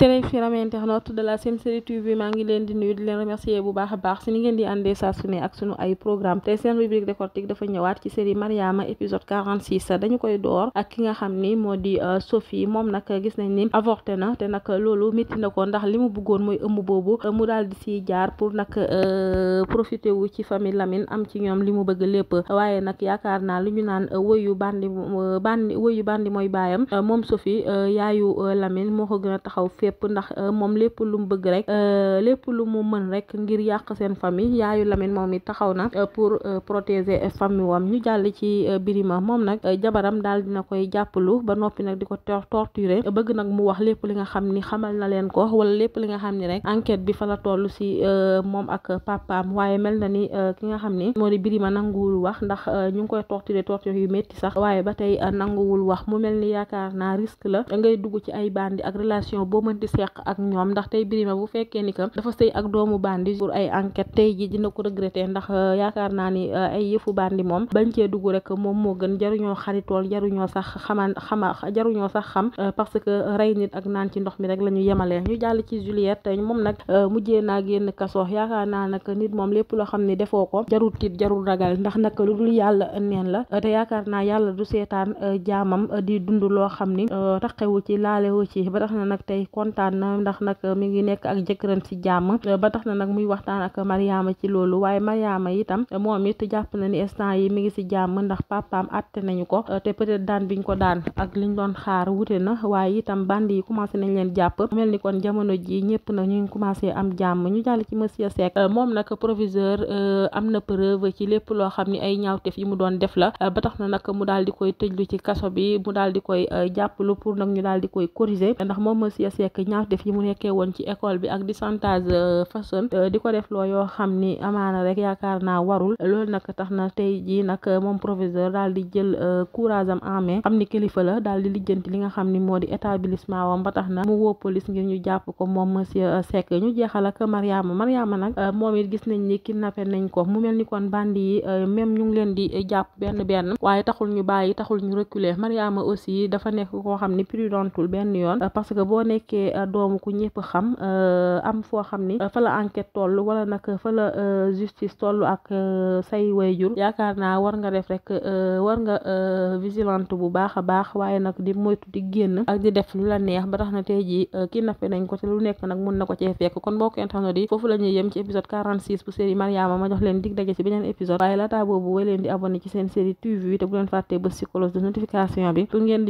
très fièrement internaute de la Sen Série TV maa ngi leen di nuyu di leen remercier bu baax a baax si ni ngeen di àndee saa ne ak sunu ay programme tey seen rubrique décortique dafa ñëwaat ci série Mariama épisode 46 dañu koy door ak ki nga xam ni moo di euh, Sophie moom nag gis nañ ni avorté na te nag loolu métti na ko ndax li mu bëggoon mooy ëmb boobu euh, mu daal di siy jaar pour nag euh, profité wu ci famille Lamine am ci ñoom li mu bëgg lépp waaye nag yaakaar naa li ñu naan wëyu bandi bandi wëyu bandi mooy baayam moom Sophie yaayu Lamine moo ko gën a taxaw fépp lépp ndax euh, moom lépp lu mu bëgg rek euh, lépp lu mu mën rek ngir yàq seen famille yaayu Lamine moom it taxaw na euh, pour protéger famille wam ñu jàll ci Birima moom nag jabaram daal na koy jàppalu ba noppi nag di ko torturer bëgg nag mu wax lépp li nga xam ni xamal na leen ko wala lépp li nga xam ni rek enquête bi fa la toll si moom ak papaam waaye mel na ni ki nga xam ni moo di Birima nanguwul wax ndax ñu ngi koy torturer torture yu métti sax waaye ba tey nanguwul wax di seq ak ñoom ndax tey Birima bu fekkee ni que dafa sëy ak doomu bandi pour ay enquête tey ji dina ko regretter ndax euh, yaakaar naa ni euh, ay yëfu bandi moom bañ cee dugg rek moom moo gën jaruñoo xaritool jaruñoo sax sax xam euh, parce que rey nit ak naan ci ndox mi rek la ñu yemalee ñu jàll ci Juliette tey moom nag mujjee naa génn kaso yaakaar naa nag nit moom lépp loo xam ne defoo ko jarul tiit jarul ragal ndax nag lu dul yàlla neen la te yaakaar naa yàlla du seetaan jaamam di dund loo xam ni kontaan na ndax nag euh, mi ngi nekk ak jëkkëram ci jàmm euh, ba tax na nag muy waxtaan ak Mariama ci loolu waaye Mariama itam euh, moom it jàpp na ni instant yi mi ngi ci jàmm ndax papaam atte ko te peut-être daan ko daan ak liñ doon xaar na waaye itam bandi yi commencé nañ leen jàpp mel ni kon jamono ji ñëpp na ñu ngi commencé am jàmm ñu jàll ci monsieur Seck moom nag proviseur am na preuve ci loo xam ni ay ñaawteef yi mu doon def la ba tax na mu daal di koy tëjlu ci kaso bi mu daal di koy jàppalu pour nag ñu daal koy corriger ndax moom monsieur Seck rek ñaaw def yi mu nekkee woon ci école bi ak di chantage euh, façon euh, di ko def loo yoo xam ni amaana rek yaakaar naa warul loolu nag tax na tey jii nag euh, moom proviseur daal di jël courage am en main xam ni kilifa la daal di lijjanti li nga xam ni moo di établissement wam ba tax na mu woo police ngir ñu jàpp ko moom monsieur Seck ñu jeexal ak Mariama Mariama nag moom it gis nañ ni kidnappé nañ ko mu mel ni kon bandi yi même ñu ngi leen di jàpp benn benn waaye taxul ñu bàyyi taxul ñu reculer Mariama aussi dafa nekk koo xam ni prudentul benn yoon nekkee euh, doomu ku ñëpp xam euh, am foo xam ni fa la enquête toll wala nag fa euh, justice toll ak say wayjur yaakaar naa war nga def rek war vigilante bu baax a baax waaye nag di moytu di génn di def lu la neex ba tax na tey jii kii ko te lu nekk nag mun na ko fekk kon mbokk internet yi foofu la yem ci épisode 46 bu série Mariama ma jox leen dig ci beneen épisode waaye laataa boobu way leen di abonné ci seen série TV te bu leen fàttee bës de notification bi pour ngeen